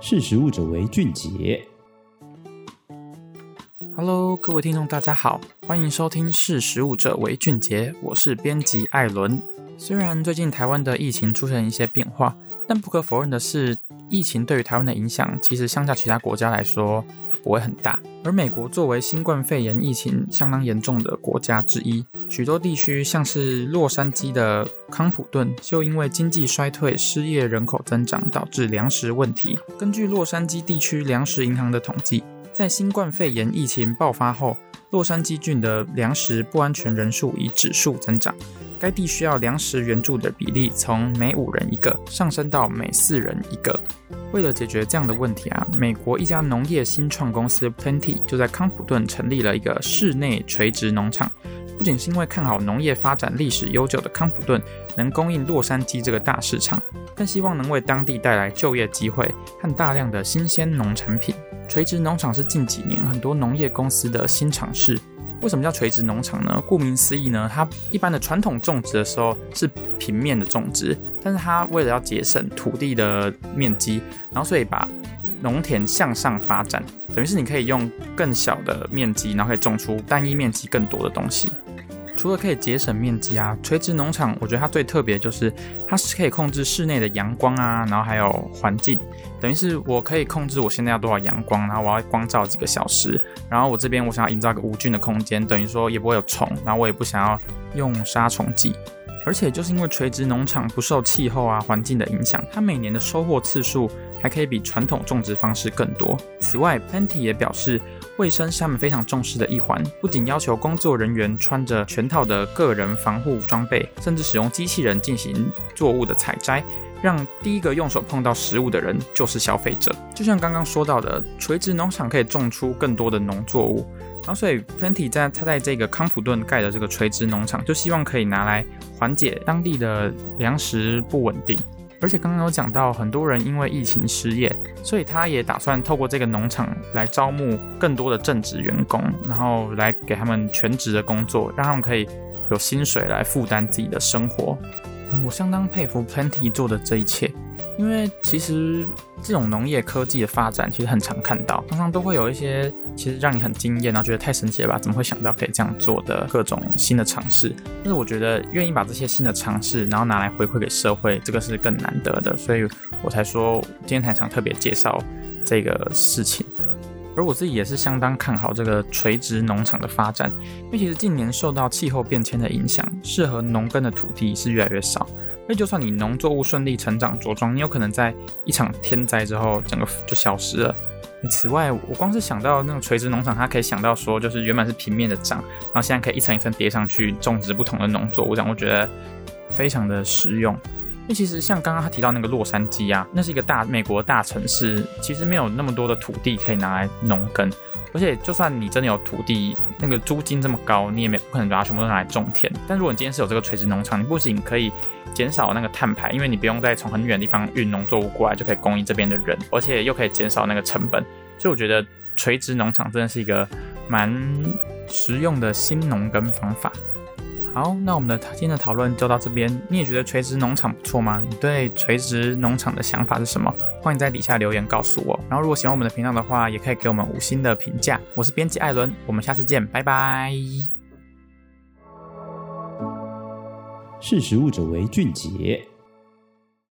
識食物者為俊傑。Hello，各位聽眾，大家好，歡迎收聽《識食物者為俊傑》，我是編輯艾倫。雖然最近台灣的疫情出現一些變化，但不可否認的是，疫情對於台灣的影響其實相較其他國家來說不會很大。而美國作為新冠肺炎疫情相當嚴重的國家之一，許多地區，像是洛杉磯的康普頓，就因為經濟衰退、失業人口增長，導致糧食問題。根據洛杉磯地區糧食銀行的統計，在新冠肺炎疫情爆發後，洛杉磯郡的糧食不安全人數以指數增長。該地需要糧食援助的比例從每五人一個上升到每四人一個。為了解決這樣的問題啊，美國一家農業新創公司 Plenty 就在康普頓成立了一個室內垂直農場。不僅是因為看好農業發展歷史悠久的康普頓能供應洛杉磯這個大市場，更希望能為當地帶來就業機會和大量的新鮮農產品。垂直農場是近幾年很多農業公司的新嘗試。為什麼叫垂直農場呢？顧名思義呢，它一般的傳統種植的時候是平面的種植，但是它為了要節省土地的面積，然後所以把農田向上發展，等於是你可以用更小的面積，然後可以種出單一面積更多的東西。除了可以節省面積啊，垂直農場，我覺得它最特別就是它是可以控制室內的陽光啊，然後還有環境，等於是我可以控制我現在要多少陽光，然後我要光照幾個小時，然後我這邊我想要營造一個無菌的空間，等於說也不會有蟲，然後我也不想要用殺蟲劑。而且就是因為垂直農場不受氣候啊、環境的影響，它每年的收穫次數還可以比傳統種植方式更多。此外，Plenty 也表示，衛生是他們非常重視的一環，不僅要求工作人員穿着全套的個人防護裝備，甚至使用機器人進行作物的採摘，讓第一個用手碰到食物的人就是消費者。就像剛剛說到的，垂直農場可以種出更多的農作物，然後所以噴 y 在他在這個康普頓蓋的這個垂直農場，就希望可以拿來緩解當地的糧食不穩定。而且剛剛有講到，很多人因為疫情失業，所以他也打算透過這個農場來招募更多的正職員工，然後來給他們全職的工作，讓他們可以有薪水來負擔自己的生活。嗯，我相當佩服 Plenty 做的這一切。因為其實這種農業科技的發展，其實很常看到，常常都會有一些其實讓你很驚艷，然後覺得太神奇了吧？怎麼會想到可以這樣做的各種新的嘗試？但是我覺得願意把這些新的嘗試，然後拿來回饋給社會，這個是更難得的，所以我才說今天才想特別介紹這個事情。而我自己也是相當看好這個垂直農場的發展，因為其實近年受到氣候變遷的影響，適合農耕的土地是越來越少。所以，就算你農作物順利成長茁壯，你有可能在一場天災之後，整個就消失了。此外，我光是想到那種垂直農場，它可以想到說，就是原本是平面的長，然後現在可以一層一層疊上去種植不同的農作物，這樣我覺得非常的實用。那其實像剛剛他提到那個洛杉磯啊，那是一個大美國的大城市，其實沒有那麼多的土地可以拿來農耕。而且，就算你真的有土地，那個租金這麼高，你也沒不可能把它全部都拿來種田。但如果你今天是有這個垂直農場，你不僅可以減少那個碳排，因為你不用再從很遠的地方運農作物過來，就可以供應這邊的人，而且又可以減少那個成本。所以我覺得垂直農場真的是一個蠻實用的新農耕方法。好，那我們的今天的討論就到這邊。你也覺得垂直農場不錯嗎？你對垂直農場的想法是什麼？歡迎在底下留言告訴我。然後，如果喜歡我們的頻道的話，也可以給我們五星的評價。我是編輯艾倫，我們下次見，拜拜。識食物者為俊傑。